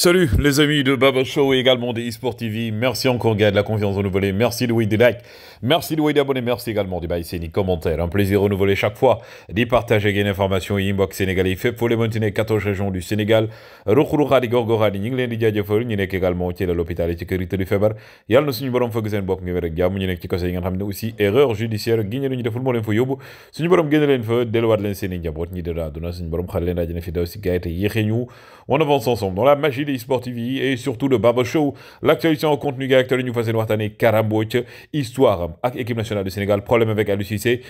Salut les amis de Baba Show et également des eSport TV. Merci encore gars de la confiance renouvelée. Merci Louis des likes. Merci Louis d'abonner. Merci également des bails des commentaires. Un plaisir renouvelé chaque fois. d'y partager une information Inbox sénégalais. Fait pour les montagnes 14 régions du Sénégal. Rokhouroukha di Gorgora di ñu ngi leen di jaajëfal ñu nekk également ci l'hôpital et ci du yi Il feebar. yàlla na suñu borom fëgg seen bopp ngi wér ak jàmm ñu nekk ci nga aussi erreur judiciaire génne de ñu deful moo leen fa yóbbu. Suñu borom génne leen fa delluwaat leen seen ni njaboot ñi dara aduna suñu borom xale de àjjana fi daw si gaay te ñu. On avance ensemble dans la magie des et surtout le Baba Show l'actualité en contenu ga Nous ñu fas yéene histoire avec équipe nationale du Sénégal problème avec l'UCC Cissé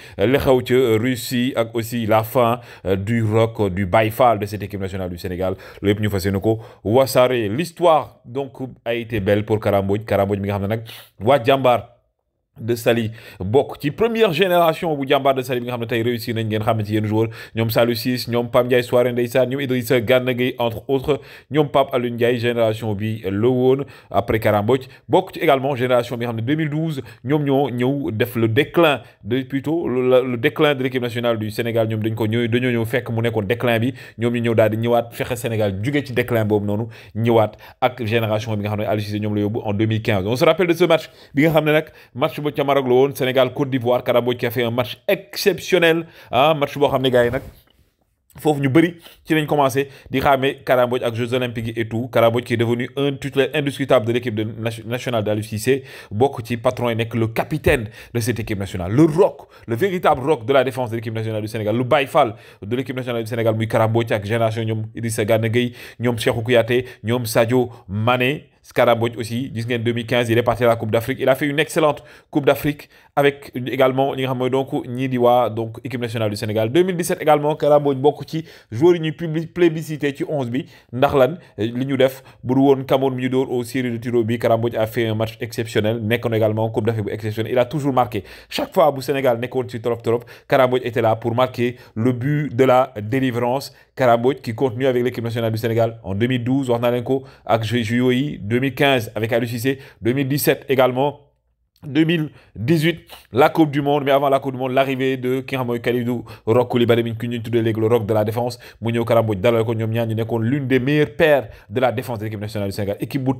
Russie aussi la fin euh, du rock euh, du Baye de cette équipe nationale du Sénégal le yëpp Noko. fas l'histoire donc a été belle pour Kara Mbodj Kara Mbodj jambar de Sali bok ci première génération bu jàmbaar de Sali bi nga xam tay réussi réussir nañ ngeen xam ci yenn joueur ñom Salou Ciss ñom Pape Ndiaye Souare Ndeysaan ñoom Idrissa Gana entre autres ñom Pape Alioune Ndiaye génération bi le woon après Karamboj bok ci également génération bi nga xam 2012 ñom ñoo ñëw def le déclin de plutôt le déclin de l'équipe nationale du Sénégal ñom dañ ko ñëw dañoo ñëw fekk mu nekkoon déclin bi ñom ñu ñëw daal di ñëwaat fexe Sénégal jugee ci déclin boobu noonu ñëwaat ak génération bi nga xam ne Aliou Cissé ñoom la yóbbu en 2015 on se rappelle de ce match bi nga xam ne nag match Mbodj ca Maroc woon Sénégal Côte d'Ivoire Karabou qui a fait un match exceptionnel un hein, match boo xam ne gars yi nag foofu ñu bëri ci lañ commencé di xaamee Kara ak Jeux olympiques et tout Karabou qui est devenu un titulaire indiscutable de l'équipe de nationale d'Aliou Cissé bokk ci patron et nekk le capitaine de cette équipe nationale le rock le véritable rock de la défense de l'équipe nationale du Sénégal le Baye de l'équipe nationale du Sénégal muy Karabou avec ak génération ñoom Idrissa Gana Gueye ñoom Cheikhou Kouyaté ñoom Sadio Mané Skarabot aussi, 2015, il est parti à la Coupe d'Afrique. Il a fait une excellente Coupe d'Afrique avec également li nga donc équipe nationale du Sénégal 2017 également Kara Mbodj ci joueur public plébiscité ci 11 bi ndax lan li def bu du mi ñu au série de tiro bi a fait un match exceptionnel Nekon également coupe d'Afrique exceptionnel il a toujours marqué chaque fois bu Sénégal Nekon ci trop trop Kara était là pour marquer le but de la délivrance Kara qui continue avec l'équipe nationale du Sénégal en 2012 en 2015 avec Aliou 2017 également 2018 la coupe du monde mais avant la coupe du monde l'arrivée de ki Kalidou Rock Koulibaly mi le rock de la défense Mouniou, ñëw Kara dalal l'une des meilleures paires de la défense de l'équipe nationale du Sénégal équipe bu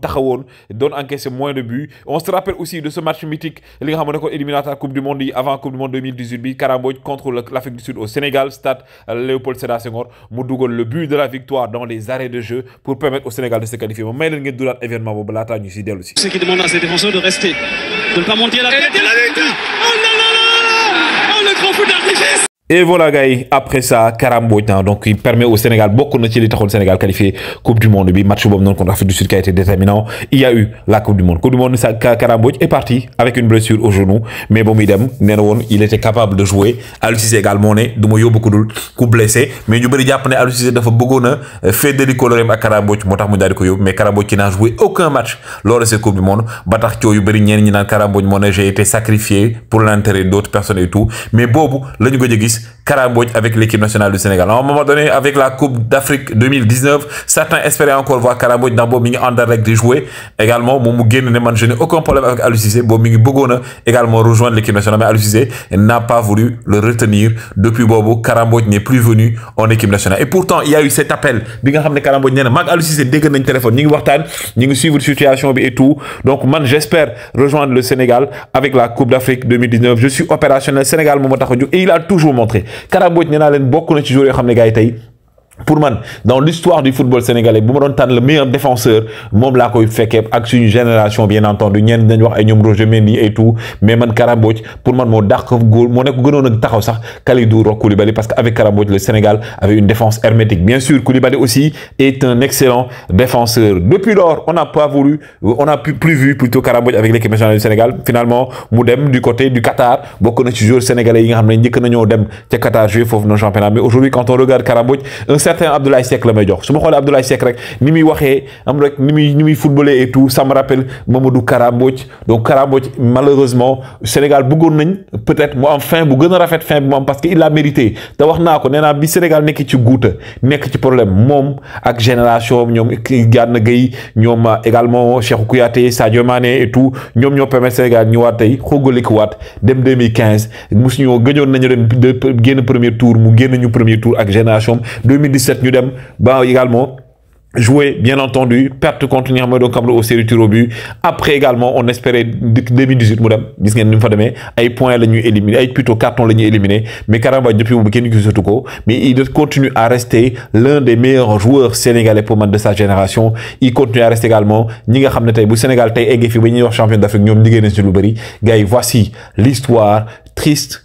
donne en encaissé moins de buts on se rappelle aussi de ce match mythique li nga ko coupe du monde avant la coupe du monde 2018 bi contre l'Afrique du Sud au Sénégal stade euh, Léopold Sédar Senghor le but de la victoire dans les arrêts de jeu pour permettre au Sénégal de se qualifier Mais il y ngeen événement boobu laataa ñu Ce qui demande à ses défenseurs de rester. On ne pas monter la tête. Oh là là Oh, le grand d'artifice et voilà gars après ça Kara donc il permet au Sénégal beaucoup na ci li du Sénégal qualifié coupe du monde bi match au noonu contre Afrique du Sud qui a été déterminant il y a eu la coupe du monde coupe du monde ça est parti avec une blessure au genou mais bon muy il était capable de jouer Aliou Cissé également ne y a beaucoup de coups blessés mais ñu bëri jàpp ne Aliou dafa a euh, féddali kóllëreem ak Kara Mbodj à mais Kara qui n'a joué aucun match lors de cette coupe du monde ba tax coow yu bëri ñeen j'ai été sacrifié pour l'intérêt d'autres personnes et tout mais bon, le niveau Karamboj avec l'équipe nationale du Sénégal. À un moment donné, avec la Coupe d'Afrique 2019, certains espéraient encore voir Karamboj dans Boming en direct de jouer. Également, je n'ai aucun problème avec Boming Bogona également rejoindre l'équipe nationale. Mais Alucisé n'a pas voulu le retenir. Depuis Bobo, Karamboj n'est plus venu en équipe nationale. Et pourtant, il y a eu cet appel. téléphone, situation et Donc, man, j'espère rejoindre le Sénégal avec la Coupe d'Afrique 2019. Je suis opérationnel Sénégal, et il a toujours mon montré Kara Mbodj nee naa leen bokk na ci joueurs yoo xam ne gars yi pour moi, dans l'histoire du football sénégalais pour moi on le meilleur défenseur Mon la koy fekkee ak une génération bien entendu Nien dañ wax ay Jemeni Roger et tout mais man Kara pour moi, mon dàq mon moo nekk gënoon a taxaw sax Kalidou Koulibaly parce que avec le Sénégal avait une défense hermétique bien sûr Koulibaly aussi est un excellent défenseur depuis lors on n'a pas voulu on n'a plus vu plutôt Kara avec l'équipe nationale du Sénégal finalement mu du côté du Qatar bokk na ci joueurs sénégalais yi nga xam ne njëkk du dem du Qatar jouer foofu no championnat mais aujourd'hui quand on regarde Kara certain Abdoulaye Seck la may jox su xolé Abdoulaye Seck rek ni mi waxé am rek ni mi ni mi footballé et tout ça me rappelle Mamadou Kara donc Kara malheureusement Sénégal bëggon nañ peut-être mu am fin bu gëna a rafet fin bu mom parce que il l'a mérité te wax naa ko nee bi Sénégal nek ci guuta nek ci problème mom ak génération ñom Gana Gueye ñom également Cheikhou Kouyaté Sadio Mané et tout ñom ñoo permettre Sénégal tay tey wat dem 2015 mosuñoo gëjoon nañu dem génn premier tour mu génn ñu premier tour ak génération 2010 2017 ñu dem également jouer bien entendu perte contre en mode au série tir au but après également on espérait 2018 mu dem gis ngeen ni mu fa point ay points la plutôt carton la ñuy éliminer mais Karamba depuis boobu kenn gisatu ko mais il continue à rester l'un des meilleurs joueurs sénégalais pour man de sa génération il continue à rester également ñi nga xam ne bu Sénégal tey eggee fii champion d'Afrique ñoom liggéey nañ si lu gars voici l'histoire triste